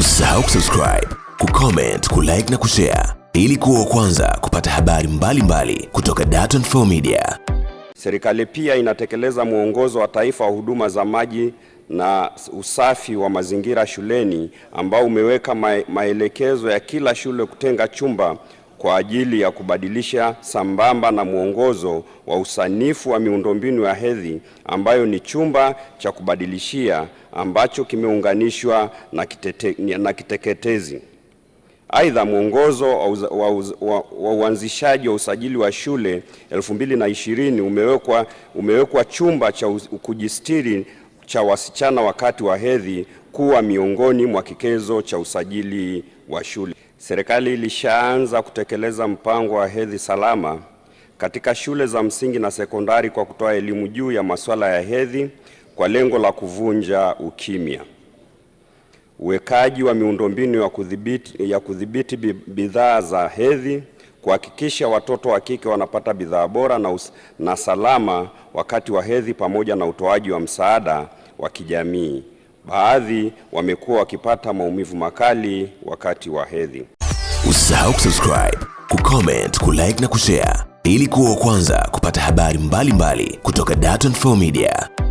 Usisahau kusubscribe, kucomment, kulike na kushare ili kuwa kwanza kupata habari mbalimbali mbali kutoka Dar24 Media. Serikali pia inatekeleza mwongozo wa taifa wa huduma za maji na usafi wa mazingira shuleni ambao umeweka maelekezo ya kila shule kutenga chumba kwa ajili ya kubadilisha sambamba na mwongozo wa usanifu wa miundombinu ya hedhi ambayo ni chumba cha kubadilishia ambacho kimeunganishwa na, kitete, na kiteketezi. Aidha, mwongozo wa, wa, wa uanzishaji wa usajili wa shule 2020 umewekwa, umewekwa chumba cha kujistiri cha wasichana wakati wa hedhi kuwa miongoni mwa kikezo cha usajili wa shule. Serikali ilishaanza kutekeleza mpango wa hedhi salama katika shule za msingi na sekondari kwa kutoa elimu juu ya masuala ya hedhi kwa lengo la kuvunja ukimya. Uwekaji wa miundombinu ya kudhibiti bidhaa za hedhi kuhakikisha watoto wa kike wanapata bidhaa bora na, na salama wakati wa hedhi pamoja na utoaji wa msaada wa kijamii. Baadhi wamekuwa wakipata maumivu makali wakati wa hedhi. Usisahau kusubscribe, kucomment, kulike na kushare ili kuwa wa kwanza kupata habari mbalimbali mbali kutoka Dar24 Media.